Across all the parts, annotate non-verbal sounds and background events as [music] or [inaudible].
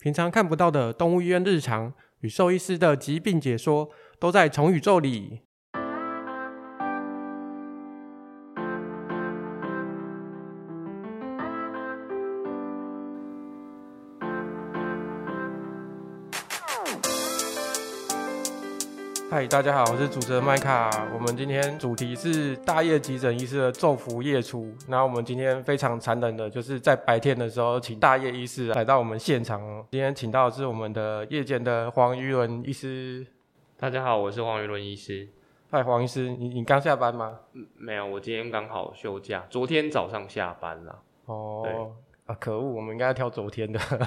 平常看不到的動物醫院日常與獸醫師的疾病解說，都在寵宇宙裡。大家好，我是主持人麥卡。我們今天主題是大夜急診醫師的晝伏夜出。然後我們今天非常殘忍的，就是在白天的時候，請大夜醫師來到我們現場。今天請到的是我們的夜間的黃於倫醫師。大家好，我是黃於倫醫師。嗨，黃醫師，你你剛下班嗎？沒有，我今天剛好休假，昨天早上下班了。哦，對啊，可惡，我們應該要挑昨天的， [laughs]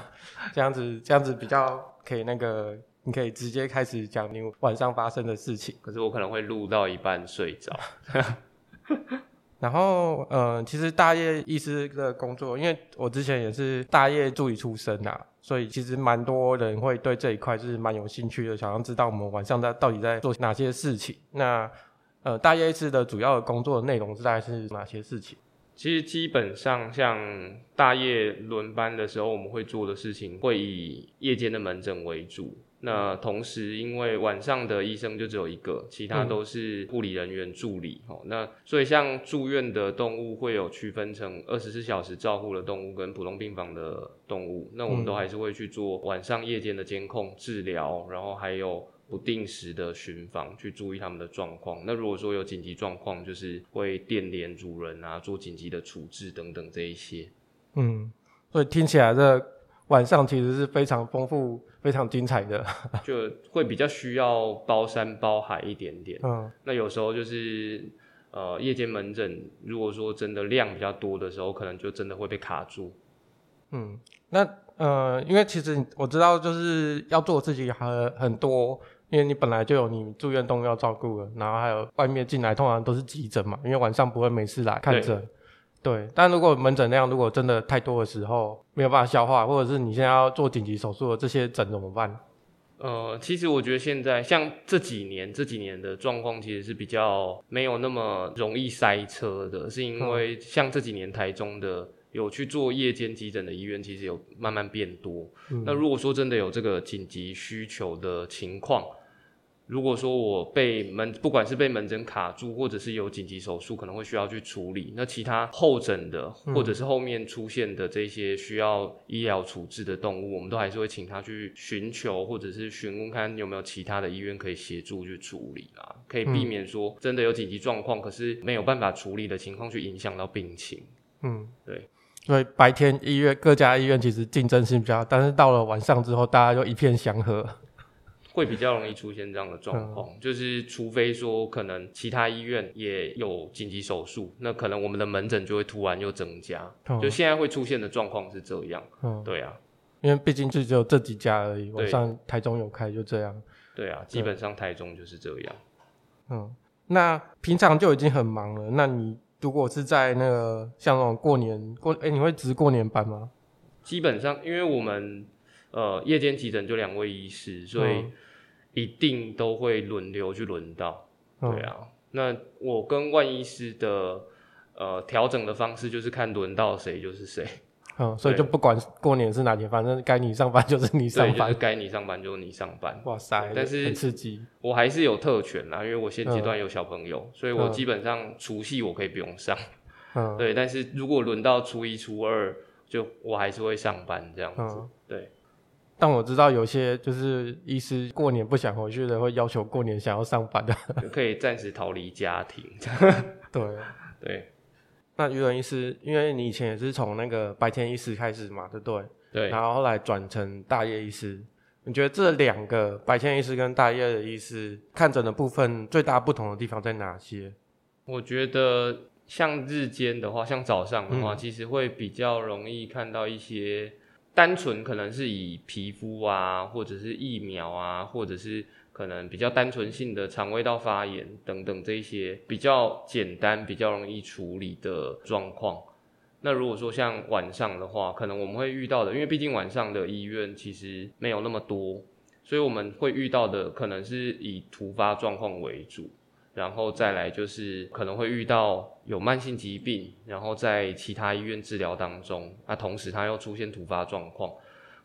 這樣子這樣子比較可以那個。你可以直接開始講你晚上發生的事情，可是我可能會錄到一半睡着。 [laughs] [laughs] 然後，嗯、呃，其實大夜醫師的工作，因為我之前也是大夜助理出身啊，所以其實蠻多人會對這一塊是蠻有興趣的，想要知道我們晚上在到底在做哪些事情。那，呃，大夜醫師的主要的工作的內容大概是哪些事情？其實基本上，像大夜輪班的時候，我們會做的事情會以夜間的門診為主。那同時，因為晚上的醫生就只有一個，其他都是護理人員助理。哦、嗯，那所以像住院的動物會有區分成二十四小時照護的動物跟普通病房的動物。那我們都還是會去做晚上夜間的監控治療，然後還有不定時的巡防，去注意他們的狀況。那如果說有緊急狀況，就是會電聯主人啊，做緊急的處置等等這一些。嗯，所以聽起來這個。晚上其實是非常豐富、非常精彩的， [laughs] 就會比較需要包山包海一點點。嗯，那有時候就是呃，夜間門診，如果說真的量比較多的時候，可能就真的會被卡住。嗯，那呃，因為其實我知道，就是要做的事情很很多，因為你本來就有你住院動物要照顧了，然後還有外面進來通常都是急診嘛，因為晚上不會沒事來看診。對，但如果門診量如果真的太多的時候，沒有辦法消化，或者是你現在要做緊急手術的這些診怎麼辦？呃，其實我覺得現在像這幾年這幾年的狀況，其實是比較沒有那麼容易塞車的，是因為像這幾年台中的有去做夜間急診的醫院，其實有慢慢變多。嗯。那如果說真的有這個緊急需求的情況，如果說我被門，不管是被門診卡住，或者是有緊急手術，可能會需要去處理。那其他候診的，或者是後面出現的這些需要醫療處置的動物，嗯、我們都還是會請他去尋求，或者是詢問看有沒有其他的醫院可以協助去處理啦，可以避免說真的有緊急狀況，嗯、可是沒有辦法處理的情況去影響到病情。嗯，對，因為白天醫院各家醫院其實競爭性比較，但是到了晚上之後，大家就一片祥和。會比較容易出現這樣的狀況，嗯、就是除非說可能其他醫院也有緊急手術，那可能我們的門診就會突然又增加。嗯、就現在會出現的狀況是這樣，嗯、對啊，因為畢竟就只有這幾家而已。我對上台中有開就這樣，對啊，對基本上台中就是這樣。嗯，那平常就已經很忙了。那你如果是在那個像那種過年過，誒、欸、你會值過年班嗎？基本上，因為我們。呃，夜間急診就兩位醫師，所以一定都會輪流去輪到。嗯、對啊，那我跟萬醫師的呃調整的方式就是看輪到誰就是誰。嗯，所以就不管過年是哪天，反正該你上班就是你上班，對、就是該你上班就是你上班。哇塞，對但是刺激，我還是有特權啦，因為我現階段有小朋友，嗯、所以我基本上除夕我可以不用上。嗯，對，但是如果輪到初一、初二，就我還是會上班這樣子。嗯、對。但我知道有些就是醫師過年不想回去的，會要求過年想要上班的，就可以暫時逃離家庭。對 [laughs] 對，對那於倫醫師，因為你以前也是從那個白天醫師開始嘛，對不對？對。然後後來轉成大夜醫師，你覺得這兩個白天醫師跟大夜的醫師看診的部分最大不同的地方在哪些？我覺得像日間的話，像早上的話，嗯、其實會比較容易看到一些。單純可能是以皮膚啊，或者是疫苗啊，或者是可能比較單純性的腸胃道發炎等等這一些比較簡單、比較容易處理的狀況。那如果說像晚上的話，可能我們會遇到的，因為畢竟晚上的醫院其實沒有那麼多，所以我們會遇到的可能是以突發狀況為主，然後再來就是可能會遇到。有慢性疾病，然後在其他醫院治療當中，那、啊、同時他又出現突發狀況，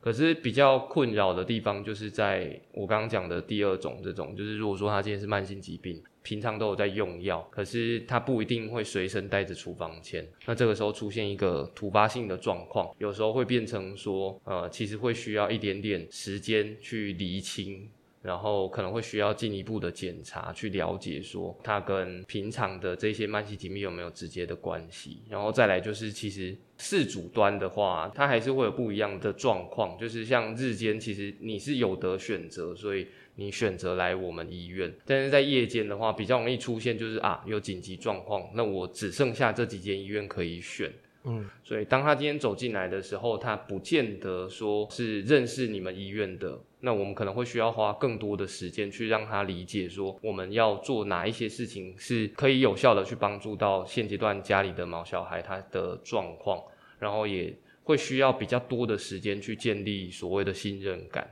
可是比較困擾的地方就是在我剛剛講的第二種，這種就是如果說他今天是慢性疾病，平常都有在用藥，可是他不一定會隨身帶着處方签，那這個時候出現一個突發性的狀況，有時候會變成說，呃，其實會需要一點點時間去釐清。然後可能會需要進一步的檢查，去了解說他跟平常的這些慢性疾病有沒有直接的關係。然後再來就是，其實飼主端的話，他還是會有不一樣的狀況。就是像日間，其實你是有得選擇，所以你選擇來我們醫院。但是在夜間的話，比較容易出現就是啊，有緊急狀況，那我只剩下這幾間醫院可以選。嗯，所以當他今天走進來的時候，他不見得說是認識你們醫院的。那我們可能會需要花更多的時間去讓他理解，說我們要做哪一些事情是可以有效的去幫助到現階段家裡的毛小孩他的狀況，然後也會需要比較多的時間去建立所謂的信任感。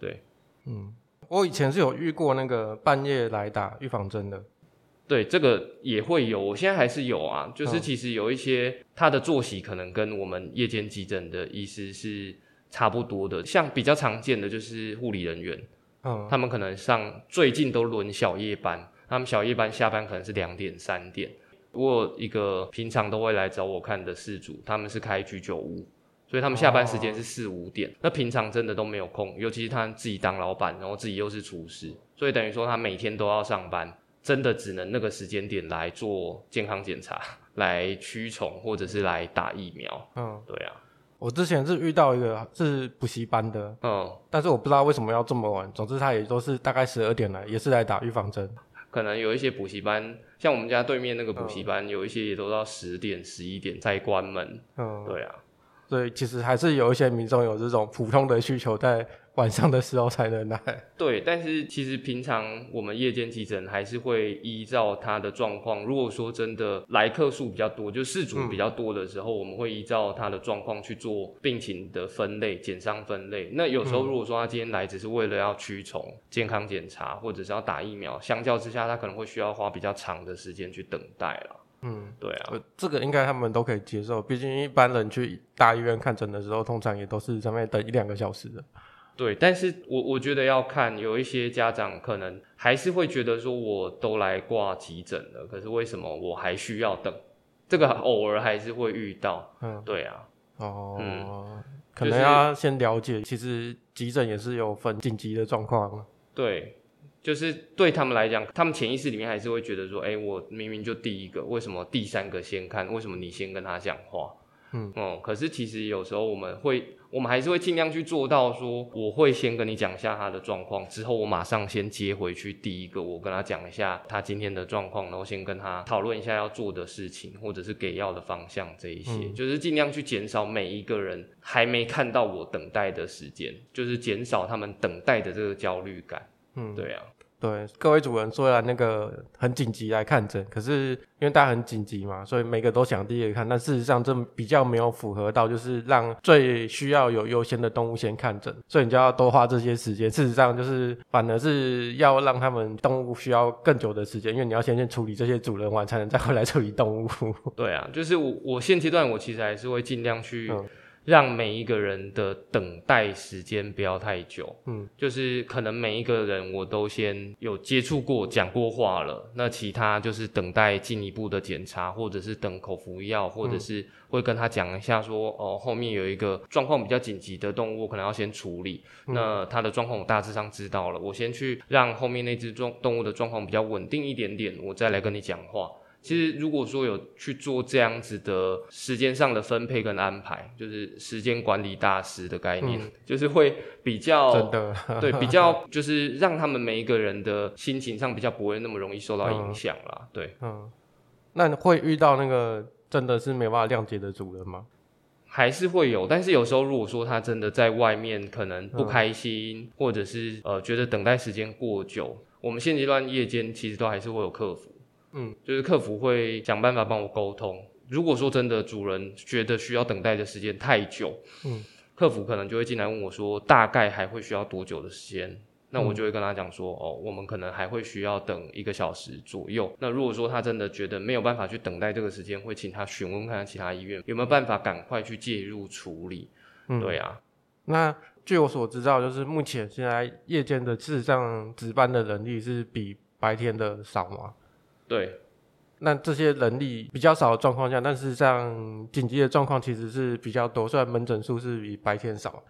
對，嗯，我以前是有遇過那個半夜來打預防針的，對，這個也會有，我現在還是有啊，就是其實有一些他的作息可能跟我們夜間急診的醫師是差不多的，像比較常見的就是護理人員，嗯，他們可能上最近都輪小夜班，他們小夜班下班可能是兩點三點。不過一個平常都會來找我看的飼主，他們是開居酒屋，所以他們下班時間是四五點。哦、那平常真的都沒有空，尤其是他自己當老板，然後自己又是廚師，所以等於說他每天都要上班，真的只能那個時間點來做健康檢查，來驅蟲或者是來打疫苗。嗯，對啊。我之前是遇到一個是補習班的，嗯，但是我不知道為什麼要這麼晚。總之，他也都是大概十二點來，也是來打預防針。可能有一些補習班，像我們家對面那個補習班，嗯、有一些也都到十點、十一點才關門。嗯，對啊，所以其實還是有一些民眾有這種普通的需求在。晚上的時候才能來。對，但是其實平常我們夜間急診還是會依照他的狀況。如果說真的來客數比較多，就飼主比較多的時候，嗯、我們會依照他的狀況去做病情的分類、檢傷分類。那有時候如果說他今天來只是為了要驅蟲、健康檢查，嗯、或者是要打疫苗，相較之下他可能會需要花比較長的時間去等待了。嗯，對啊，這個應該他們都可以接受。畢竟一般人去大醫院看診的時候，通常也都是在外面等一兩個小時的。對，但是我我覺得要看，有一些家長可能還是會覺得說，我都來掛急診了，可是為什麼我還需要等？這個偶爾還是會遇到。嗯、對啊，哦，嗯、可能要先了解，就是、其實急診也是有分緊急的狀況嘛。對，就是對他們來講，他們潛意識裡面還是會覺得說，誒，我明明就第一個，為什麼第三個先看？為什麼你先跟他講話？嗯，哦，可是其實有時候我們會，我們還是會盡量去做到說，說我會先跟你講一下他的狀況，之後我馬上先接回去。第一個，我跟他講一下他今天的狀況，然後先跟他討論一下要做的事情，或者是給藥的方向這一些，嗯、就是盡量去減少每一個人還沒看到我等待的時間，就是減少他們等待的這個焦慮感。嗯，對啊。對，各位主人雖然那個很緊急來看診，可是因為大家很緊急嘛，所以每個都想第一個看。但事實上，這比較沒有符合到，就是讓最需要有優先的動物先看診，所以你就要多花這些時間。事實上，就是反而是要讓他們動物需要更久的時間，因為你要先去處理這些主人完，才能再回來處理動物。對啊，就是我我現階段我其實還是會盡量去、嗯。讓每一個人的等待時間不要太久，嗯，就是可能每一個人我都先有接觸過、講過話了。那其他就是等待進一步的檢查，或者是等口服藥，或者是會跟他講一下說，哦，嗯，呃，後面有一個狀況比較緊急的動物，我可能要先處理。嗯，那他的狀況我大致上知道了，我先去讓後面那只狀動物的狀況比較穩定一點點，我再來跟你講話。其實，如果說有去做這樣子的時間上的分配跟安排，就是時間管理大師的概念，嗯、就是會比較真的 [laughs] 對，比較就是讓他們每一個人的心情上比較不會那麼容易受到影響啦，嗯、對，嗯，那會遇到那個真的是沒辦法諒解的主人嗎？還是會有，但是有時候如果說他真的在外面可能不開心，嗯、或者是呃覺得等待時間過久，我們現階段夜間其實都還是會有客服，嗯，就是客服會想辦法幫我溝通。如果說真的主人覺得需要等待的時間太久，嗯，客服可能就會進來問我說，大概還會需要多久的時間？那我就會跟他講說，嗯、哦，我們可能還會需要等一個小時左右。那如果說他真的覺得沒有辦法去等待這個時間，會請他詢問看看其他醫院有沒有辦法趕快去介入處理。嗯、對啊，那據我所知道，就是目前現在夜間的事實上值班的人力是比白天的少嗎？對，那這些人力比較少的狀況下，但是像緊急的狀況其實是比較多，雖然門診數是比白天少，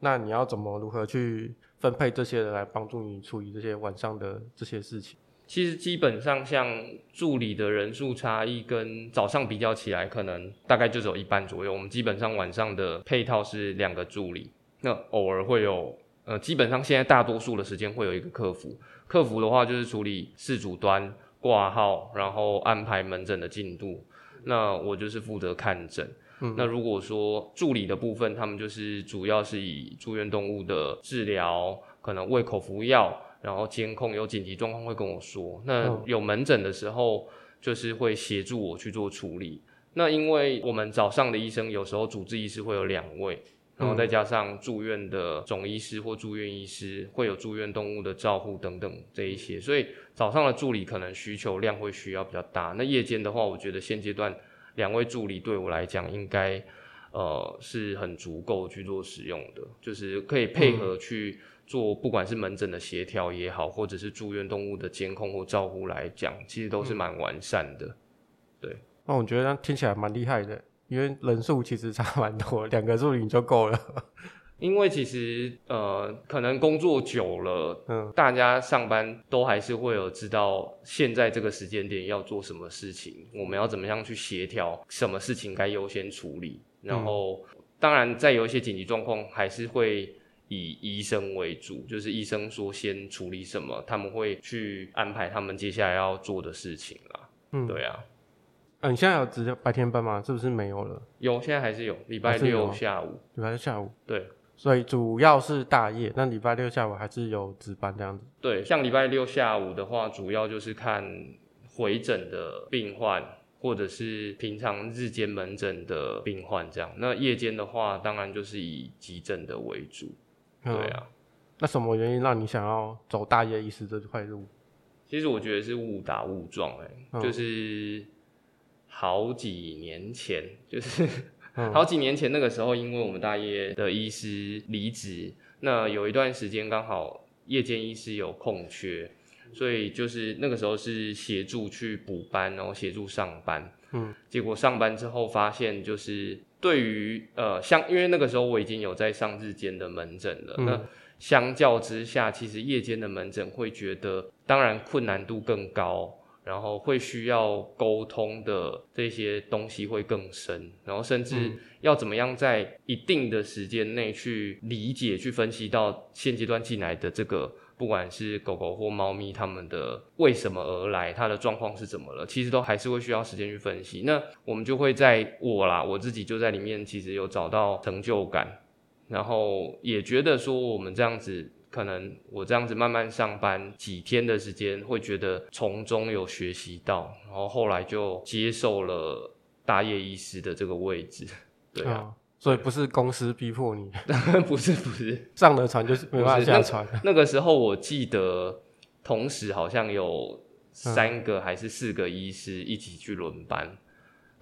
那你要怎麼如何去分配這些人來幫助你處理這些晚上的這些事情？其實基本上像助理的人數差異跟早上比較起來，可能大概就只有一半左右。我們基本上晚上的配套是兩個助理，那偶爾會有呃，基本上現在大多數的時間會有一個客服，客服的話就是處理飼主端，掛號，然後安排門診的進度。那我就是負責看診。嗯、那如果說助理的部分，他們就是主要是以住院動物的治療，可能餵口服藥，然後監控，有緊急狀況會跟我說。那有門診的時候，就是會協助我去做處理。嗯、那因為我們早上的醫生有時候主治醫師會有兩位。然後再加上住院的總醫師或住院醫師會有住院動物的照護等等這一些，所以早上的助理可能需求量會需要比較大。那夜間的話，我覺得現階段兩位助理對我來講應該呃是很足夠去做使用的，就是可以配合去做不管是門診的協調也好，或者是住院動物的監控或照護來講，其實都是蠻完善的。對、嗯。對、嗯，那、哦、我覺得聽起來蠻厲害的。因為人數其實差蠻多，兩個助理就夠了。因為其實呃，可能工作久了，嗯，大家上班都還是會有知道現在這個時間點要做什麼事情，我們要怎麼樣去協調，什麼事情該優先處理。然後，嗯、當然，在有一些緊急狀況，還是會以醫生為主，就是醫生說先處理什麼，他們會去安排他們接下來要做的事情啦。嗯，對啊。嗯，你現在有值白天班嗎？是不是沒有了？有，現在還是有。禮拜六下午，禮拜六下午。對，所以主要是大夜。那禮拜六下午還是有值班這樣子。對，像禮拜六下午的話，主要就是看回診的病患，或者是平常日間門診的病患這樣。那夜間的話，當然就是以急診的為主。嗯、對啊，那什麼原因讓你想要走大夜醫師這塊路？其實我覺得是誤打誤撞、欸，哎、嗯，就是。好幾年前，就是 [laughs] 好幾年前那個時候，因為我們大夜的醫師離職，那有一段時間剛好夜間醫師有空缺，所以就是那個時候是協助去補班，然後協助上班。嗯，結果上班之後發現，就是對於呃像，因為那個時候我已經有在上日間的門診了，嗯、那相較之下，其實夜間的門診會覺得，當然困難度更高。然後會需要溝通的這些東西會更深，然後甚至要怎麼樣在一定的時間內去理解、嗯、去分析到現階段進來的這個，不管是狗狗或貓咪，它們的為什麼而來，它的狀況是怎麼了，其實都還是會需要時間去分析。那我們就會在我啦，我自己就在裡面，其實有找到成就感，然後也覺得說我們這樣子。可能我這樣子慢慢上班幾天的時間，會覺得從中有學習到，然後後來就接受了大夜醫師的這個位置，對啊，哦、所以不是公司逼迫你， [laughs] 不是，不是，上了船就是沒辦法下船那。那個時候我記得，同時好像有三個還是四個醫師一起去輪班。嗯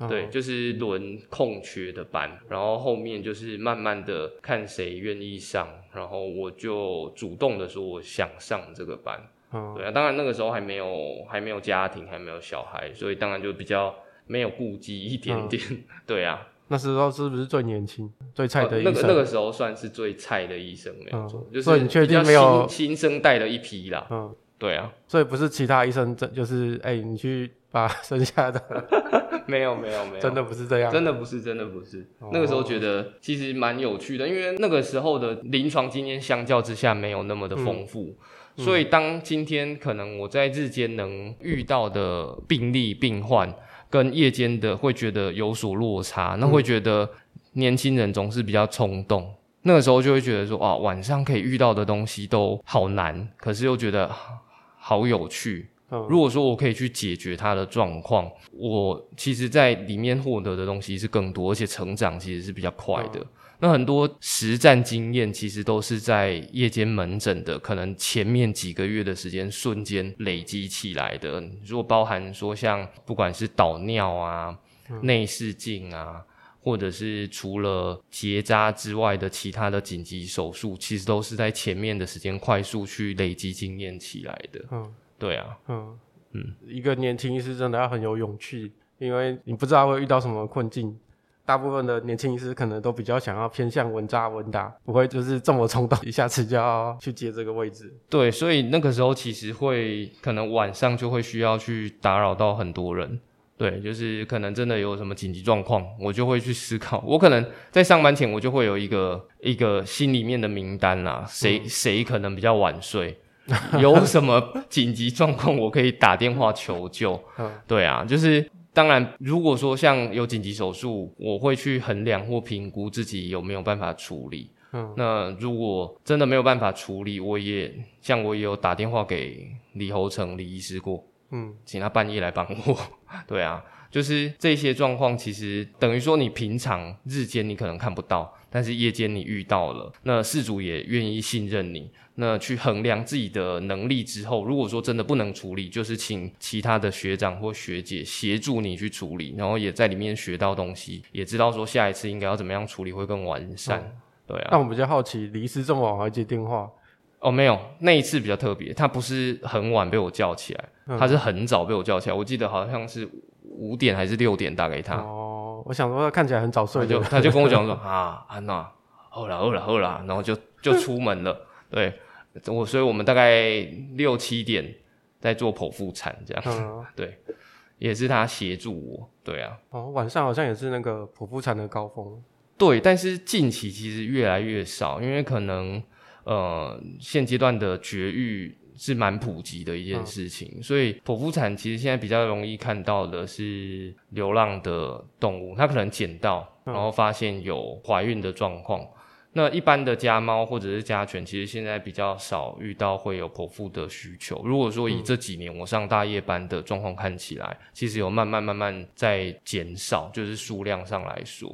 對，就是輪空缺的班，然後後面就是慢慢的看誰願意上，然後我就主動的說我想上這個班。嗯、對啊，當然那個時候還沒有還沒有家庭，還沒有小孩，所以當然就比較沒有顧忌一點點。嗯、對啊，那時候是不是最年輕、最菜的醫生啊？那個那個時候算是最菜的醫生，沒有錯，嗯、就是比較新，你確定沒有新生代的一批啦。嗯。對啊，所以不是其他醫生，真就是哎、欸，你去把剩下的沒有沒有沒有， [laughs] 沒有沒有真的不是這樣，真的不是真的不是。Oh. 那個時候覺得其實蠻有趣的，因為那個時候的臨床經驗相較之下沒有那麼的豐富，嗯、所以當今天可能我在日間能遇到的病例病患，跟夜間的會覺得有所落差，嗯、那會覺得年輕人總是比較衝動，那個時候就會覺得說啊，晚上可以遇到的東西都好難，可是又覺得。好有趣！如果說我可以去解決他的狀況，嗯、我其實，在裡面獲得的東西是更多，而且成長其實是比較快的。嗯、那很多實戰經驗，其實都是在夜間門診的，可能前面幾個月的時間瞬間累積起來的。如果包含說像不管是導尿啊、內視鏡啊。或者是除了結紮之外的其他的緊急手術，其實都是在前面的時間快速去累積經驗起來的。嗯，對啊，嗯嗯，一個年輕醫師真的要很有勇氣，因為你不知道會遇到什麼困境。大部分的年輕醫師可能都比較想要偏向穩紮穩打，不會就是這麼衝動一下子就要去接這個位置。對，所以那個時候其實會，可能晚上就會需要去打擾到很多人。對，就是可能真的有什麼緊急狀況，我就會去思考。我可能在上班前，我就會有一個一個心裡面的名單啦、啊，誰誰可能比較晚睡，嗯、有什麼緊急狀況，我可以打電話求救。嗯、對啊，就是當然，如果說像有緊急手術，我會去衡量或評估自己有沒有辦法處理。嗯，那如果真的沒有辦法處理，我也像我也有打電話給李侯成李醫師過。嗯，請他半夜來幫我。 [laughs] 對啊，就是這些狀況，其實等於說你平常日間你可能看不到，但是夜間你遇到了，那飼主也願意信任你。那去衡量自己的能力之後，如果說真的不能處理，就是請其他的學長或學姐協助你去處理，然後也在裡面學到東西，也知道說下一次應該要怎麼樣處理會更完善。嗯、對啊。那我比較好奇，離失這麼晚還接電話？哦，沒有，那一次比較特別，他不是很晚被我叫起來，他是很早被我叫起來。嗯、我記得好像是五點還是六點打給他。哦，我想說他看起來很早睡，他就他就跟我講說 [laughs] 啊，安、啊、娜，哦啦哦啦哦啦，啦然後就就出門了。嗯、對，我所以我們大概六七點在做剖腹產這樣子。嗯啊、 [laughs] 對，也是他協助我。對啊。哦，晚上好像也是那個剖腹產的高峰。對，但是近期其實越來越少，因為可能。呃，現階段的絕育是蠻普及的一件事情，嗯、所以剖腹產其實現在比較容易看到的是流浪的動物，它可能撿到，然後發現有懷孕的狀況。嗯、那一般的家貓或者是家犬，其實現在比較少遇到會有剖腹的需求。如果說以這幾年我上大夜班的狀況看起來，嗯、其實有慢慢慢慢在減少，就是數量上來說，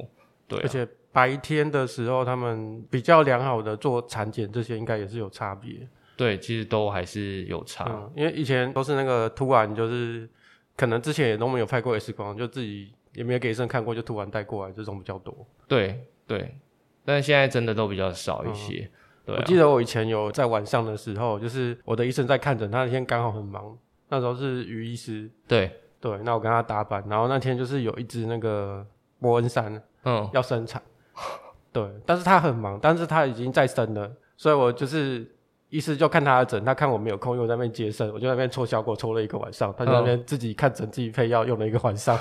對、啊，而且。白天的時候，他們比較良好的做產檢，這些應該也是有差別。對，其實都還是有差、嗯，因為以前都是那個突然就是，可能之前也都沒有拍過 X 光，就自己也沒有給醫生看過，就突然帶過來，這種比較多。對對，但現在真的都比較少一些。嗯對啊、我記得我以前有在晚上的時候，就是我的醫生在看診，他那天剛好很忙，那時候是於醫師。對對，那我跟他搭班，然後那天就是有一隻那個伯恩山，嗯，要生產。對，但是他很忙，但是他已經在生了，所以我就是意思就看他的診，他看我沒有空，又在那邊接生，我就在那邊搓小狗，搓了一個晚上，他就在那邊自己看診，自己配藥，用了一個晚上，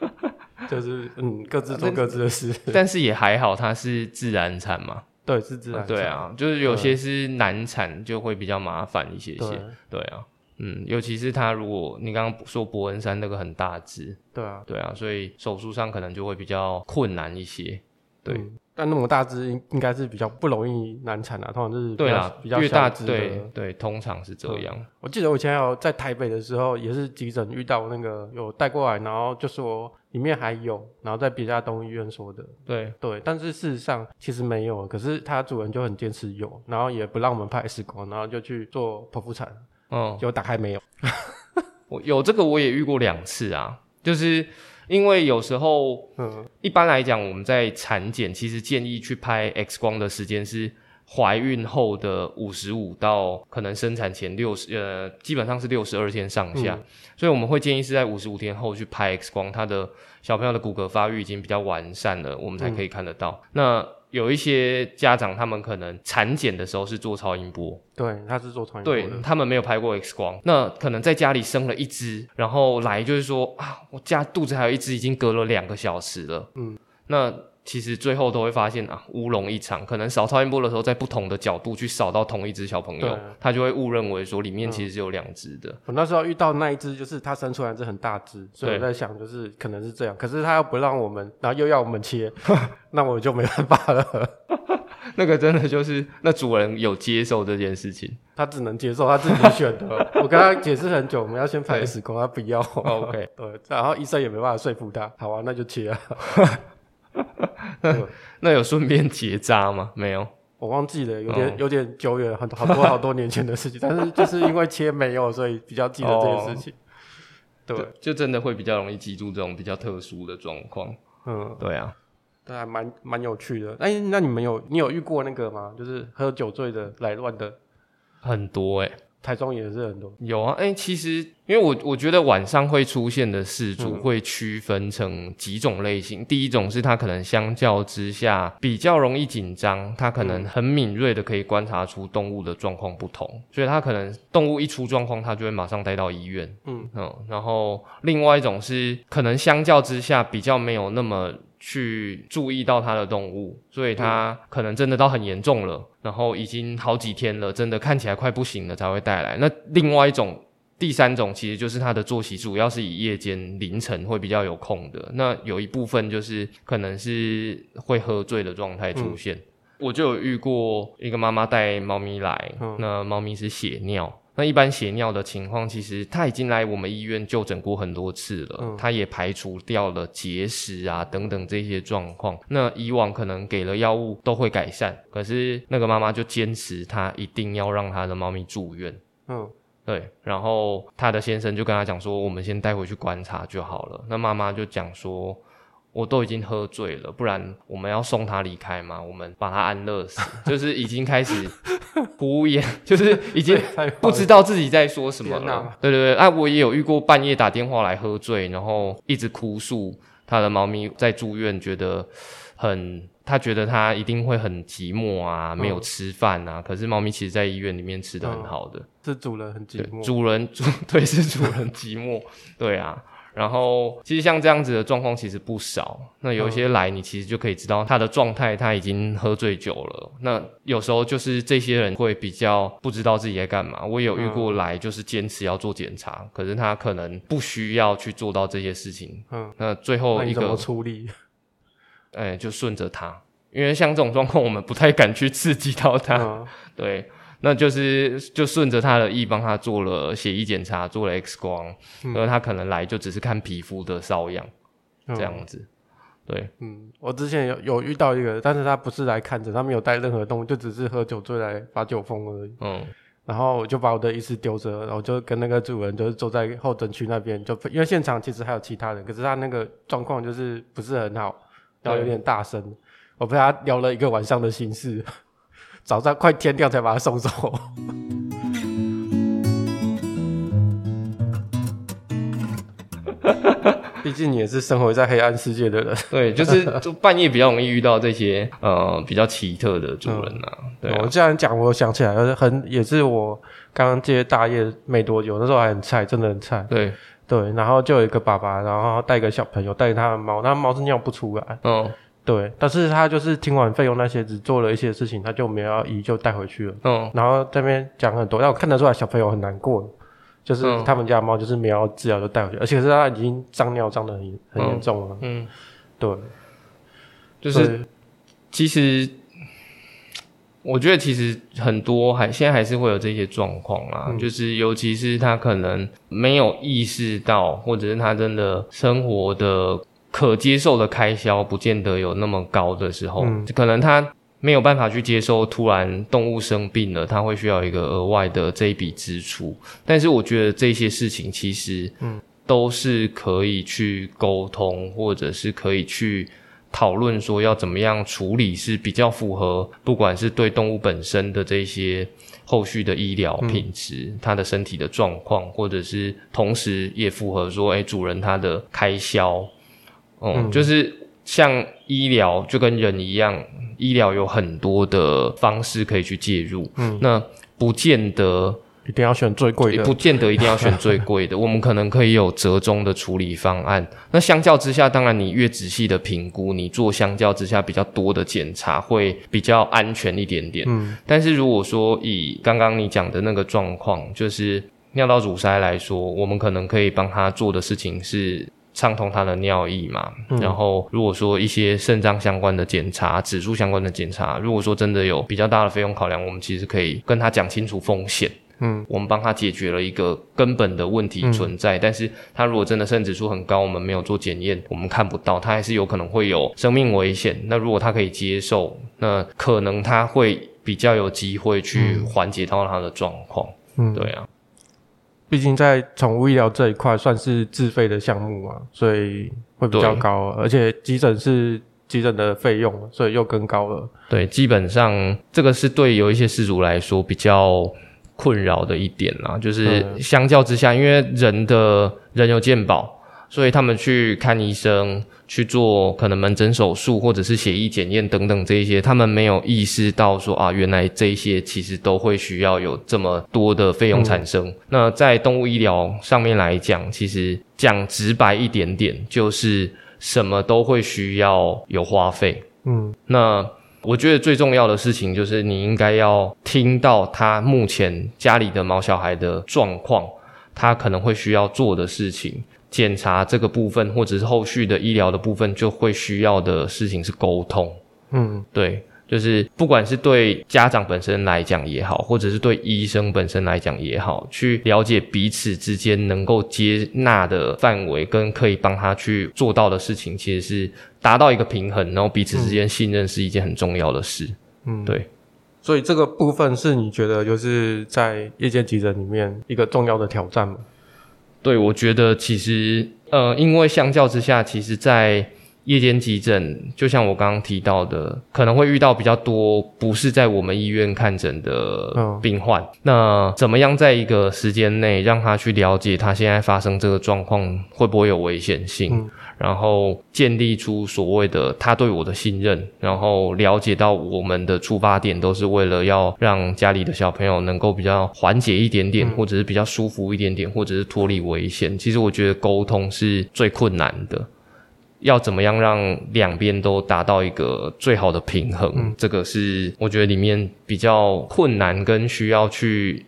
嗯、 [laughs] 就是嗯，各自做各自的事。啊、但，是但是也還好，他是自然產嘛，對，是自然產、啊。對啊，就是有些是難產，就會比較麻煩一些些。對，對啊，嗯，尤其是他，如果你剛剛說伯恩山那個很大隻，對啊，對啊，所以手術上可能就會比較困難一些。對，對但那麼大隻應應該是比較不容易難產啊，通常就是對啦，比較對、啊、越大隻的對，對，通常是這樣。我記得我以前有在台北的時候，也是急診遇到那個有帶過來，然後就說裡面還有，然後在別家動物醫院說的，對對，但是事實上其實沒有，可是他主人就很堅持有，然後也不讓我們拍 X 光，然後就去做剖腹產，嗯，就打開沒有。 [laughs] 我有這個我也遇過兩次啊，就是。因為有時候，嗯，一般來講，我們在產檢其實建議去拍 X 光的時間是懷孕後的五十五到可能生產前六十，呃，基本上是六十二天上下，嗯、所以我們會建議是在五十五天後去拍 X 光，他的小朋友的骨骼發育已經比較完善了，我們才可以看得到。嗯、那有一些家長，他們可能產檢的時候是做超音波，對，他是做超音波的，對，他們沒有拍過 X 光。那可能在家裡生了一隻，然後來就是說啊，我家肚子還有一隻，已經隔了兩個小時了。嗯，那。其實最後都會發現啊，烏龍一場。可能掃超音波的時候，在不同的角度去掃到同一隻小朋友，啊、他就會誤認為說裡面其實是有兩隻的、嗯。我那時候遇到那一隻，就是它生出來是很大隻，所以我在想就是可能是這樣。對可是它又不讓我們，然後又要我們切， [laughs] [laughs] 那我就沒辦法了。 [laughs] 那個真的就是那主人有接受這件事情，他只能接受他自己選的。 [laughs] 我跟他解釋很久，我們要先排 X 光，欸、他不要。 [laughs] OK，對，然後醫生也沒辦法說服他。好啊，那就切了。 [laughs] [laughs] 那有順便結紮嗎？沒有，我忘記了，有點有點久遠，很好多好多年前的事情。 [laughs] 但是就是因為切沒有，所以比較記得這個事情。哦、對就，就真的會比較容易記住這種比較特殊的狀況。嗯，對啊，但還蠻蠻有趣的、欸。那你們有你有遇過那個嗎？就是喝酒醉的來亂的很多誒、欸台中也是很多有啊，哎、欸，其實因為我我覺得晚上會出現的飼主會區分成幾種類型，嗯、第一種是他可能相較之下比較容易緊張，他可能很敏銳的可以觀察出動物的狀況不同，嗯、所以他可能動物一出狀況，他就會馬上帶到醫院，嗯嗯，然後另外一種是可能相較之下比較沒有那麼。去注意到他的動物，所以他可能真的到很嚴重了，對然後已經好幾天了，真的看起來快不行了才會帶來。那另外一種、第三種其實就是他的作息主要是以夜間凌晨會比較有空的，那有一部分就是可能是會喝醉的狀態出現。嗯我就有遇過一個媽媽帶貓咪來，嗯、那貓咪是血尿，那一般血尿的情況，其實他已經來我們醫院就診過很多次了，嗯、他也排除掉了結石啊等等這些狀況。那以往可能給了藥物都會改善，可是那個媽媽就堅持，她一定要讓她的貓咪住院。嗯、對，然後他的先生就跟他講說，我們先帶回去觀察就好了。那媽媽就講說。我都已經喝醉了，不然我們要送他離開嗎？我們把他安樂死， [laughs] 就是已經開始敷衍， [laughs] 就是已經 [laughs] 棒 [laughs] 不知道自己在說什麼了。哪對對對，啊我也有遇過半夜打電話來喝醉，然後一直哭訴他的貓咪在住院，覺得很他覺得他一定會很寂寞啊，嗯、沒有吃飯啊。可是貓咪其實在醫院裡面吃得很好的，嗯，是主人很寂寞。主人主對是主人寂寞，對啊。 [laughs] 然後，其實像這樣子的狀況其實不少。那有一些來，你其實就可以知道他的狀態，他已經喝醉酒了。嗯、那有時候就是這些人會比較不知道自己在幹嘛。我也有遇過來，就是堅持要做檢查，嗯、可是他可能不需要去做到這些事情。嗯，那最後一個怎麼處理？哎，就順着他，因為像這種狀況，我們不太敢去刺激到他。嗯、 [laughs] 對。那就是就順着他的意，幫他做了血液檢查，做了 X 光，然後、嗯、他可能來就只是看皮膚的瘙癢這樣子。嗯、對，嗯，我之前有有遇到一個，但是他不是來看診，他沒有帶任何東西，就只是喝酒醉來發酒瘋而已。嗯，然後我就把我的意思丟着，然後就跟那個主人就是坐在候診區那邊，就因為現場其實還有其他人，可是他那個狀況就是不是很好，然後有點大聲，對我陪他聊了一個晚上的心事。早上快天亮，才把他送走。哈，畢竟你也是生活在黑暗世界的人。 [laughs] 對，就是就半夜比較容易遇到這些呃比較奇特的主人吶、啊。對、啊，我、嗯、這樣講，我想起來很，很也是我剛接大夜沒多久，那時候還很菜，真的很菜。對對，然後就有一個爸爸，然後帶個小朋友，帶他的貓，他的貓是尿不出來。嗯。對，但是他就是聽完費用那些，只做了一些事情，他就沒有要醫，就帶回去了。嗯，然後這邊講很多，但我看得出來小朋友很難過，就是他們家的貓就是沒有要治療就帶回去，而且是他已經髒尿髒的很很嚴重了。嗯，嗯對，就是對其實我覺得其實很多還現在還是會有這些狀況啊，嗯、就是尤其是他可能沒有意識到，或者是他真的生活的。可接受的開銷不見得有那麼高的時候，嗯、可能他沒有辦法去接受。突然動物生病了，他會需要一個額外的這一筆支出。但是我覺得這些事情其實，都是可以去溝通，嗯、或者是可以去討論，說要怎麼樣處理是比較符合，不管是對動物本身的這些後續的醫療品質，它、嗯、的身體的狀況，或者是同時也符合說，誒、哎、主人他的開銷。嗯，嗯，就是像醫療就跟人一樣，醫療有很多的方式可以去介入，嗯，那不見，不見得一定要選最貴的，不見得一定要選最貴的，我們可能可以有折中的處理方案。那相較之下，當然你越仔細的評估，你做相較之下比較多的檢查會比較安全一點點。嗯，但是如果說以剛剛你講的那個狀況，就是尿道阻塞來說，我們可能可以幫他做的事情是。暢通他的尿液嘛，嗯、然後如果說一些腎臟相關的檢查、指數相關的檢查，如果說真的有比較大的費用考量，我們其實可以跟他講清楚風險。嗯，我們幫他解決了一個根本的問題存在，嗯、但是他如果真的腎指數很高，我們沒有做檢驗，我們看不到，他還是有可能會有生命危險。那如果他可以接受，那可能他會比較有機會去緩解到他的狀況。嗯，對啊。畢竟在寵物醫療這一塊算是自費的項目嘛，所以會比較高，對而且急診是急診的費用，所以又更高了。對，基本上這個是對有一些飼主來說比較困擾的一點啦，就是相較之下，嗯、因為人的人有健保。所以他們去看醫生，去做可能門診手術，或者是血液檢驗等等這一些，他們沒有意識到說啊，原來這些其實都會需要有這麼多的費用產生。嗯。那在動物醫療上面來講，其實講直白一點點，就是什麼都會需要有花費。嗯，那我覺得最重要的事情就是你應該要聽到他目前家裡的毛小孩的狀況，他可能會需要做的事情。檢查這個部分，或者是後續的醫療的部分，就會需要的事情是溝通。嗯，對，就是不管是對家長本身來講也好，或者是對醫生本身來講也好，去了解彼此之間能夠接納的範圍，跟可以幫他去做到的事情，其實是達到一個平衡，然後彼此之間信任是一件很重要的事。嗯，對。所以這個部分是你覺得就是在夜間急診裡面一個重要的挑戰嗎？對，我覺得其實，呃，因為相較之下，其實，在夜間急診，就像我剛剛提到的，可能會遇到比較多不是在我們醫院看診的病患。嗯、那怎麼樣，在一個時間內讓他去了解他現在發生這個狀況會不會有危險性？嗯然後建立出所謂的他對我的信任，然後了解到我們的出發點都是為了要讓家裡的小朋友能夠比較緩解一點點，嗯、或者是比較舒服一點點，或者是脫離危險。其實我覺得溝通是最困難的，要怎麼樣讓兩邊都達到一個最好的平衡，嗯、這個是我覺得裡面比較困難跟需要去，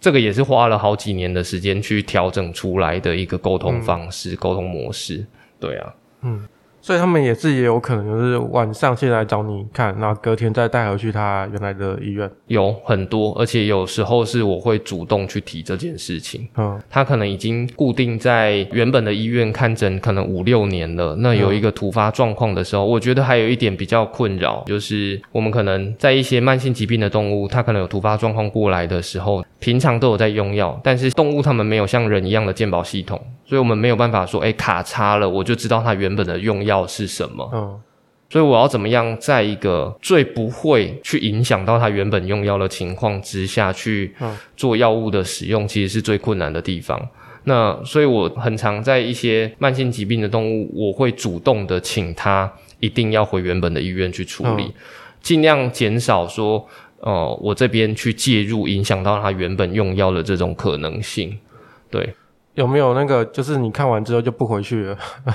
這個也是花了好幾年的時間去調整出來的一個溝通方式、嗯、溝通模式。對啊，嗯。所以他們也是也有可能就是晚上先來找你看，然後隔天再帶回去他原來的醫院。有很多，而且有時候是我會主動去提這件事情。嗯，他可能已經固定在原本的醫院看診，可能五六年了。那有一個突發狀況的時候，嗯、我覺得還有一點比較困擾，就是我們可能在一些慢性疾病的動物，它可能有突發狀況過來的時候，平常都有在用藥，但是動物它們沒有像人一樣的健保系統，所以我們沒有辦法說，哎、欸，卡插了，我就知道它原本的用藥，是什麼？嗯，所以我要怎麼樣，在一個最不會去影響到他原本用藥的情況之下去做藥物的使用，其實是最困難的地方。嗯、那所以我很常在一些慢性疾病的動物，我會主動的請他一定要回原本的醫院去處理，嗯、盡量減少說，呃，我這邊去介入影響到他原本用藥的這種可能性。對，有沒有那個？就是你看完之後就不回去了。 [laughs]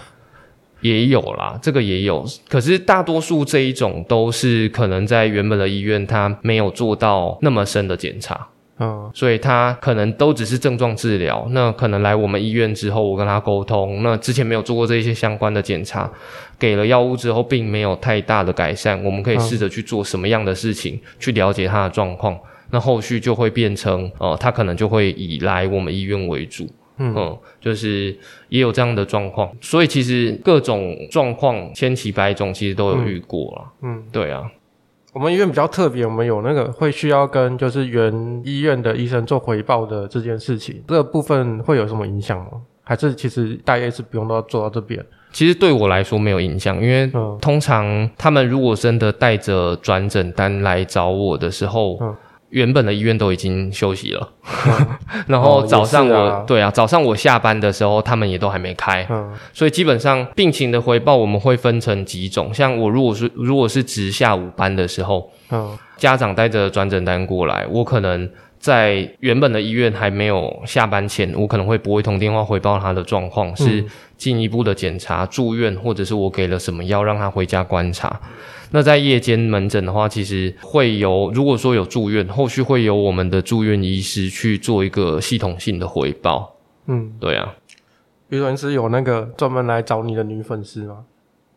也有啦，這個也有，可是大多數這一種都是可能在原本的醫院他沒有做到那麼深的檢查，嗯，所以他可能都只是症狀治療。那可能來我們醫院之後，我跟他溝通，那之前沒有做過這一些相關的檢查，給了藥物之後並沒有太大的改善，我們可以試着去做什麼樣的事情去了解他的狀況，嗯，那後續就會變成哦，呃，他可能就會以來我們醫院為主。嗯,嗯，就是也有這樣的狀況，所以其實各種狀況千奇百種，其實都有遇過啦、嗯。嗯，對啊，我們醫院比較特別，我們有那個會需要跟就是原醫院的醫生做回報的這件事情，這個部分會有什麼影響嗎？還是其實大約是不用都要做到這邊？其實對我來說沒有影響，因為通常他們如果真的帶着轉診單來找我的時候。嗯嗯原本的醫院都已經休息了，嗯， [laughs] 然後早上我，哦，啊對啊，早上我下班的時候，他們也都還沒開，嗯，所以基本上病情的回報我們會分成幾種，像我如果是如果是值下午班的時候，嗯，家長帶着轉診單過來，我可能，在原本的醫院還沒有下班前，我可能會撥一通電話回報他的狀況，是進一步的檢查、住院，或者是我給了什麼藥讓他回家觀察。嗯、那在夜間門診的話，其實會有，如果說有住院，後續會有我們的住院醫師去做一個系統性的回報。嗯，對啊，比如你是有那個專門來找你的女粉絲嗎？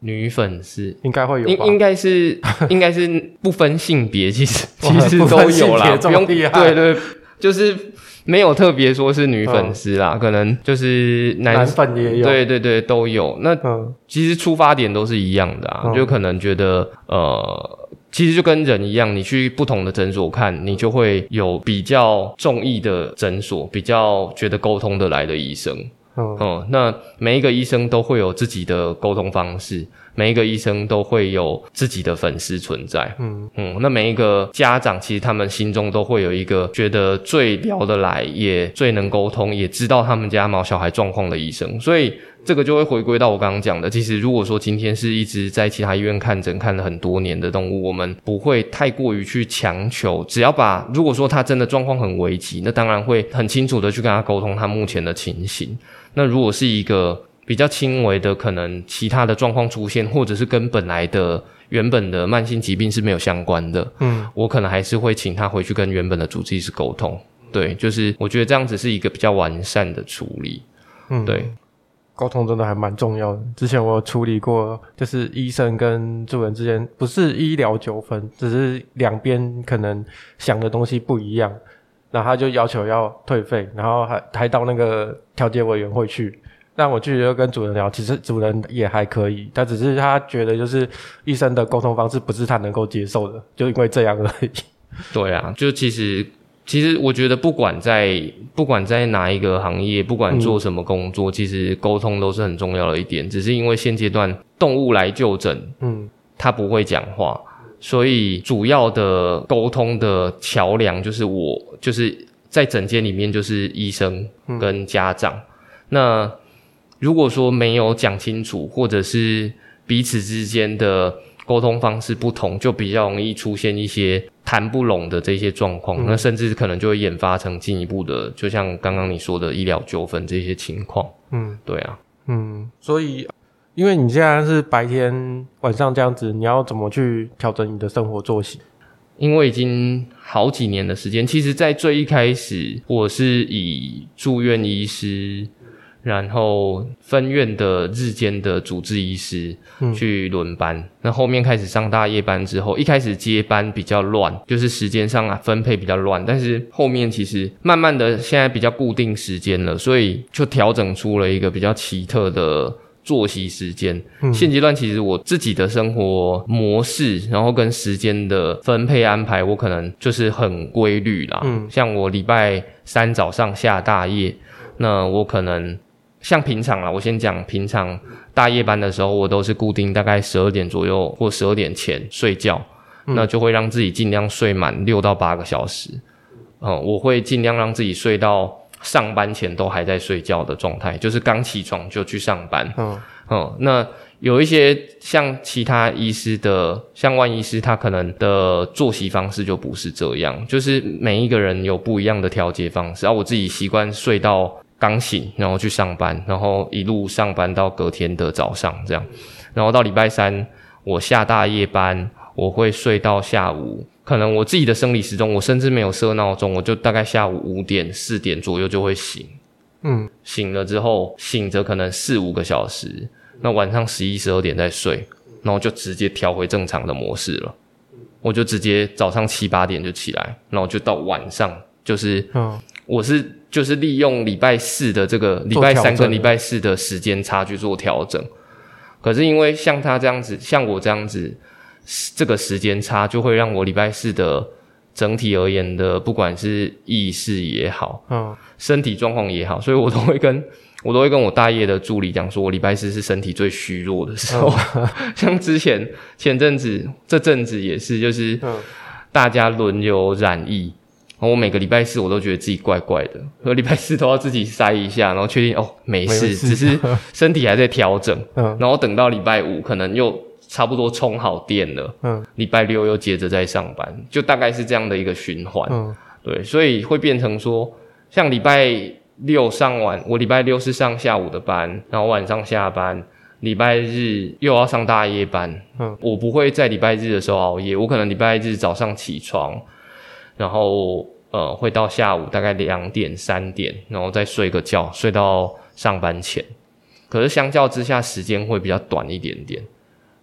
女粉絲應該會有，應該是 [laughs] 應該是應該是不分性別，其實其實都有啦，不，厲害不用對，對對，就是沒有特別說是女粉絲啦，嗯、可能就是男粉也有，對對對都有。那、嗯、其實出發點都是一樣的啊，嗯、就可能覺得呃，其實就跟人一樣，你去不同的診所看，你就會有比較中意的診所，比較覺得溝通的來的醫生。嗯，嗯，那每一個醫生都會有自己的溝通方式，每一個醫生都會有自己的粉絲存在。嗯嗯，那每一個家長其實他們心中都會有一個覺得最聊得來、嗯、也最能溝通、也知道他們家毛小孩狀況的醫生，所以。這個就會回歸到我剛剛講的。其實，如果說今天是一隻在其他醫院看診看了很多年的動物，我們不會太過於去強求。只要把，如果說它真的狀況很危急，那當然會很清楚的去跟他溝通他目前的情形。那如果是一個比較輕微的，可能其他的狀況出現，或者是跟本來的原本的慢性疾病是沒有相關的，嗯，我可能還是會請他回去跟原本的主治醫師溝通。對，就是我覺得這樣子是一個比較完善的處理。嗯，對。溝通真的還蠻重要的。之前我有處理過，就是醫生跟主人之間不是醫療糾紛，只是兩邊可能想的東西不一樣，然後他就要求要退費，然後還還到那個調解委員會去，但我拒絕跟主人聊。其實主人也還可以，但只是他覺得就是醫生的溝通方式不是他能夠接受的，就因為這樣而已。對啊，就其實。其實我覺得，不管在不管在哪一個行業，不管做什麼工作，嗯、其實溝通都是很重要的一點。只是因為現階段動物來就診，嗯，它不會講話，所以主要的溝通的橋梁就是我，就是在診間裡面就是醫生跟家長。嗯、那如果說沒有講清楚，或者是彼此之間的。溝通方式不同，就比較容易出現一些談不攏的這些狀況，嗯、那甚至可能就會演發成進一步的，就像剛剛你說的醫療糾紛這些情況。嗯，對啊，嗯，所以因為你現在是白天晚上這樣子，你要怎麼去調整你的生活作息？因為已經好幾年的時間，其實，在最一開始，我是以住院醫師。然後分院的日間的主治醫師去輪班，那、嗯、後面開始上大夜班之後，一開始接班比較亂，就是時間上啊分配比較亂，但是後面其實慢慢的現在比較固定時間了，所以就調整出了一個比較奇特的作息時間。現階、嗯、段其實我自己的生活模式，然後跟時間的分配安排，我可能就是很規律啦。嗯，像我禮拜三早上下大夜，那我可能。像平常啦，我先講平常大夜班的時候，我都是固定大概十二點左右或十二點前睡覺，嗯、那就會讓自己盡量睡滿六到八個小時。嗯，我會盡量讓自己睡到上班前都還在睡覺的狀態，就是剛起床就去上班。嗯嗯，那有一些像其他醫師的，像萬醫師，他可能的作息方式就不是這樣，就是每一個人有不一樣的調節方式啊。我自己習慣睡到。剛醒，然後去上班，然後一路上班到隔天的早上這樣，然後到禮拜三我下大夜班，我會睡到下午，可能我自己的生理時鐘，我甚至沒有設鬧鐘，我就大概下午五點四點左右就會醒，嗯，醒了之後醒着可能四五個小時，那晚上十一十二點再睡，然後就直接調回正常的模式了，我就直接早上七八點就起來，然後就到晚上就是。嗯我是就是利用禮拜四的這個禮拜三跟禮拜四的時間差去做調整，可是因為像他這樣子，像我這樣子，這個時間差就會讓我禮拜四的整體而言的，不管是意識也好，嗯，身體狀況也好，所以我都會跟我都會跟我大夜的助理講，說我禮拜四是身體最虛弱的時候。像之前前陣子這陣子也是，就是大家輪流染疫。然後我每個禮拜四我都覺得自己怪怪的，和禮拜四都要自己塞一下，然後確定哦沒事，沒事只是身體還在調整。嗯，然後等到禮拜五可能又差不多充好電了。嗯，禮拜六又接着再上班，就大概是這樣的一個循環。嗯，對，所以會變成說，像禮拜六上晚，我禮拜六是上下午的班，然後晚上下班，禮拜日又要上大夜班。嗯，我不會在禮拜日的時候熬夜，我可能禮拜日早上起床。然後呃，會到下午大概兩點三點，然後再睡個覺，睡到上班前。可是相較之下，時間會比較短一點點，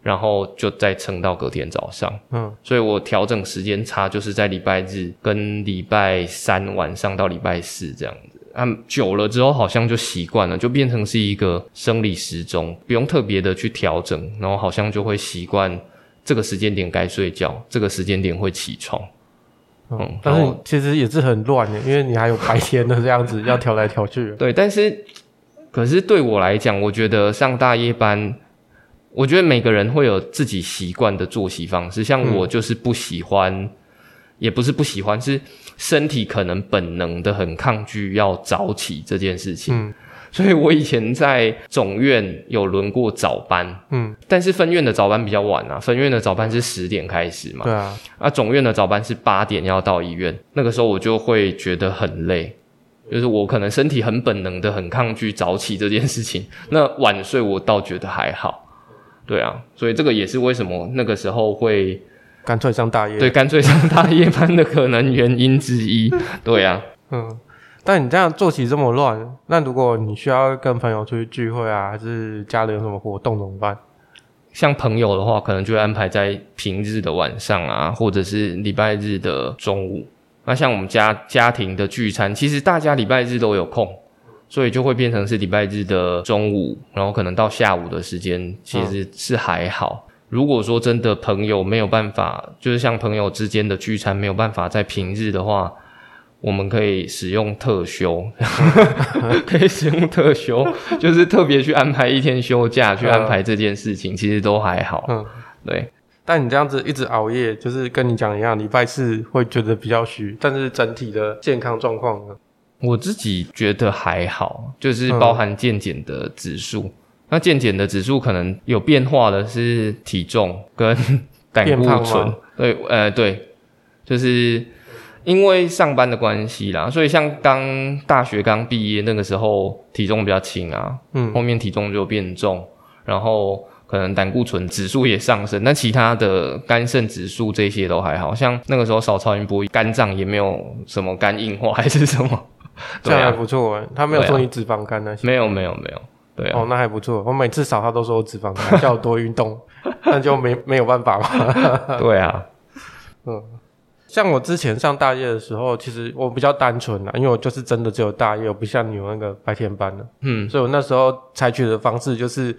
然後就再撐到隔天早上。嗯，所以我調整時間差，就是在禮拜日跟禮拜三晚上到禮拜四這樣子。嗯、啊，久了之後好像就習慣了，就變成是一個生理時鐘，不用特別的去調整，然後好像就會習慣這個時間點該睡覺，這個時間點會起床。嗯，但是其實也是很亂的，嗯、因為你還有白天的這樣子 [laughs] 要調來調去。對，但是可是對我來講，我覺得上大夜班，我覺得每個人會有自己習慣的作息方式。像我就是不喜歡，嗯、也不是不喜歡，是身體可能本能的很抗拒要早起這件事情。嗯所以我以前在總院有輪過早班，嗯，但是分院的早班比較晚啊，分院的早班是十點開始嘛，對啊，啊，總院的早班是八點要到醫院，那個時候我就會覺得很累，就是我可能身體很本能的很抗拒早起這件事情，那晚睡我倒覺得還好，對啊，所以這個也是為什麼那個時候會乾脆上大夜，對，乾脆上大夜班的可能原因之一， [laughs] 對啊，嗯。但你這樣作息這麼亂，那如果你需要跟朋友出去聚會啊，還是家裡有什麼活動怎麼辦？像朋友的話，可能就會安排在平日的晚上啊，或者是禮拜日的中午。那像我們家家庭的聚餐，其實大家禮拜日都有空，所以就會變成是禮拜日的中午，然後可能到下午的時間，其實是還好。嗯，如果說真的朋友沒有辦法，就是像朋友之間的聚餐沒有辦法在平日的話。我們可以使用特休， [laughs] 可以使用特休， [laughs] 就是特別去安排一天休假去安排這件事情，其實都還好。嗯，對。但你這樣子一直熬夜，就是跟你講一樣，禮拜四會覺得比較虛，但是整體的健康狀況呢，我自己覺得還好，就是包含健檢的指數。嗯、那健檢的指數可能有變化的是體重跟膽 [laughs] 固醇，對，呃，對，就是。因為上班的關係啦，所以像剛大學剛畢業那個時候，體重比較輕啊，嗯，後面體重就變重，然後可能膽固醇指數也上升，那其他的肝腎指數這些都還好，像那個時候掃超音波，肝臟也沒有什麼肝硬化還是什麼，這樣還不錯，欸。啊、他沒有說你脂肪肝那些。啊、沒有沒有沒有，對啊，哦，那還不錯，我每次掃他都說我脂肪肝，叫我 [laughs] 多運動，那就沒沒有辦法嘛， [laughs] 對啊，嗯。像我之前上大夜的時候，其實我比較單純啦，因為我就是真的只有大夜，我不像你有那個白天班了。嗯，所以我那時候採取的方式就是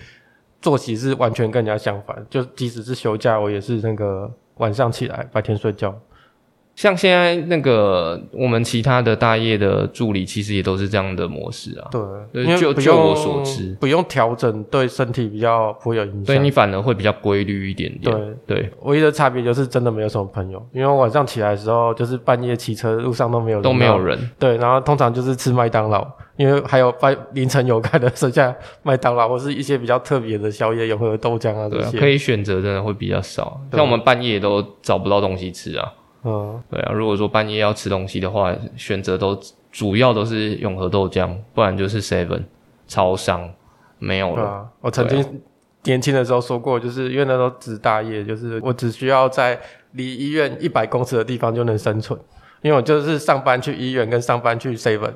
作息是完全跟人家相反，就即使是休假，我也是那個晚上起來，白天睡覺。像現在那個我們其他的大夜的助理，其實也都是這樣的模式啊。對，就就，就我所知，不用調整，對身體比較不會有影響，所以你反而會比較規律一點點。對對，對唯一的差別就是真的沒有什麼朋友，因為我晚上起來的時候就是半夜騎車路上都沒有人，都沒有人。對，然後通常就是吃麥當勞，因為還有半夜凌晨有開的，剩下麥當勞或是一些比較特別的宵夜也會有豆漿啊這些。對啊，可以選擇真的會比較少，對像我們半夜都找不到東西吃啊。嗯，對啊，如果說半夜要吃東西的話，選擇都主要都是永和豆漿，不然就是 Seven 超商，沒有了。對啊。我曾經年輕的時候說過，就是、啊、因為那時候值大夜，就是我只需要在離醫院一百公尺的地方就能生存，因為我就是上班去醫院跟上班去 Seven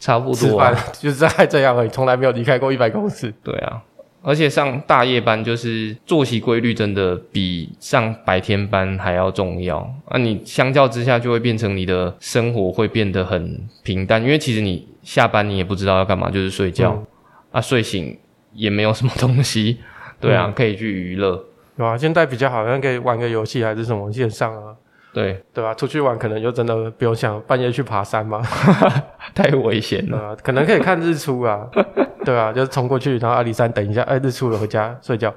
差不多、啊，吃飯就是在這樣而已，從來沒有離開過一百公尺。對啊。而且上大夜班，就是作息規律真的比上白天班還要重要。那、啊、你相較之下，就會變成你的生活會變得很平淡，因為其實你下班你也不知道要幹嘛，就是睡覺、嗯、啊，睡醒也沒有什麼東西。對啊，嗯、可以去娛樂。哇，啊，現在比較好，像可以玩個遊戲還是什麼線上啊。對對吧、啊，出去玩可能就真的不用想半夜去爬山嘛， [laughs] [laughs] 太危險了、啊。可能可以看日出啊， [laughs] 對啊，就衝過去然後阿里山，等一下，哎、欸，日出了，回家睡覺，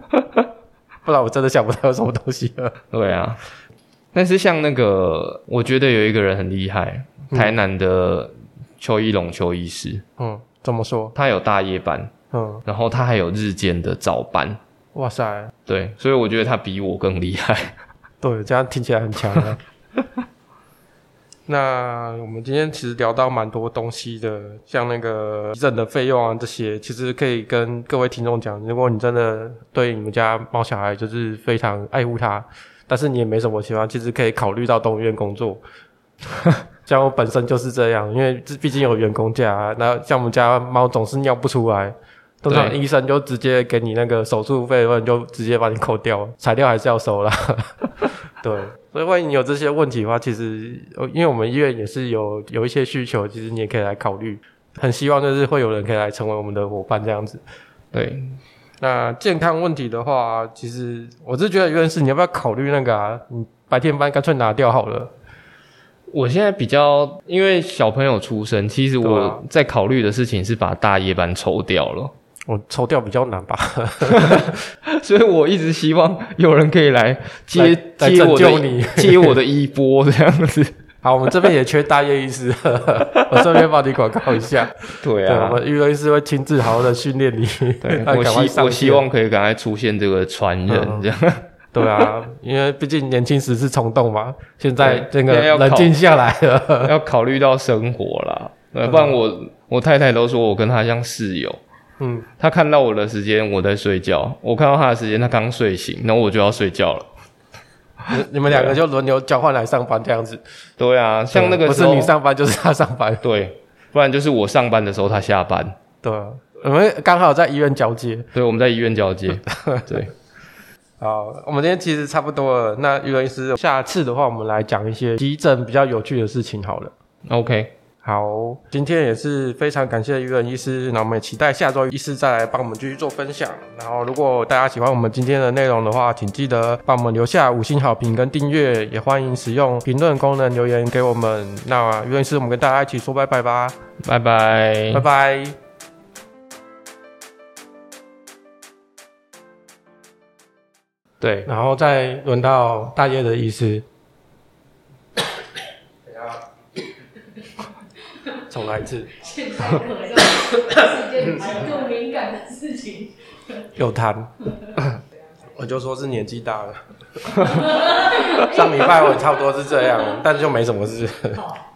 [laughs] 不然我真的想不到有什麼東西了。 [laughs] 對啊，但是像那個，我覺得有一個人很厲害，嗯、台南的邱一龍邱醫師。嗯，怎麼說？他有大夜班，嗯，然後他還有日間的早班。哇塞，對，所以我覺得他比我更厲害。對，這樣聽起來很強啊。 [laughs] 那我們今天其實聊到蠻多東西的，像那個急診的費用啊這些，其實可以跟各位聽眾講。如果你真的對你們家貓小孩就是非常愛護它，但是你也沒什麼錢，其實可以考慮到動物醫院工作。 [laughs] 像我本身就是這樣，因為這畢竟有員工價啊。那像我們家貓總是尿不出來，通常醫生就直接給你那個手術費，或者對就直接把你扣掉，材料還是要收了。 [laughs] 對，所以萬一你有這些問題的話，其實，因為我們醫院也是有有一些需求，其實你也可以來考慮。很希望就是會有人可以來成為我們的夥伴這樣子。對，那健康問題的話，其實我是覺得有件事，你要不要考慮那個啊？你白天班乾脆拿掉好了。我現在比較因為小朋友出生，其實我在考慮的事情是把大夜班抽掉了。我抽調，比較難吧 [laughs] [laughs] 所以我一直希望有人可以來接接我來接我的衣缽這樣子。 [laughs] 好，我們這邊也缺大夜醫師， [laughs] 我順便幫你廣告一下。對啊對，我們於倫醫師會親自好好的訓練你。對，我希我希望可以趕快出現這個傳人這樣、 [laughs] 嗯。對啊，因為畢竟年輕時是衝動嘛，現在這個冷靜下來了，要考慮 [laughs] 到生活了。不然我、嗯、我太太都說我跟她像室友。嗯，他看到我的時間我在睡覺，我看到他的時間他剛睡醒，然後我就要睡覺了。你們兩個就輪流交換來上班這樣子。對啊，像那個不、嗯、是你上班就是他上班，對，不然就是我上班的時候他下班。對、啊，我們剛好在醫院交接，對，我們在醫院交接。 [laughs] 對，好，我們今天其實差不多了。那於倫醫師，下次的話，我們來講一些急診比較有趣的事情好了。OK。好，今天也是非常感謝於倫醫師，那我們也期待下周醫師再來幫我們繼續做分享。然後，如果大家喜歡我們今天的內容的話，請記得幫我們留下五星好評跟訂閱，也歡迎使用評論功能留言給我們。那於、啊、倫醫師，我們跟大家一起說拜拜吧，拜拜 bye，拜拜 bye。對，然後再輪到大夜的醫師。重來一次。現在做這種敏感的事情，有痰，我就說是年紀大了。上禮拜我差不多是這樣，但是就沒什麼事。 [laughs] [laughs] [laughs]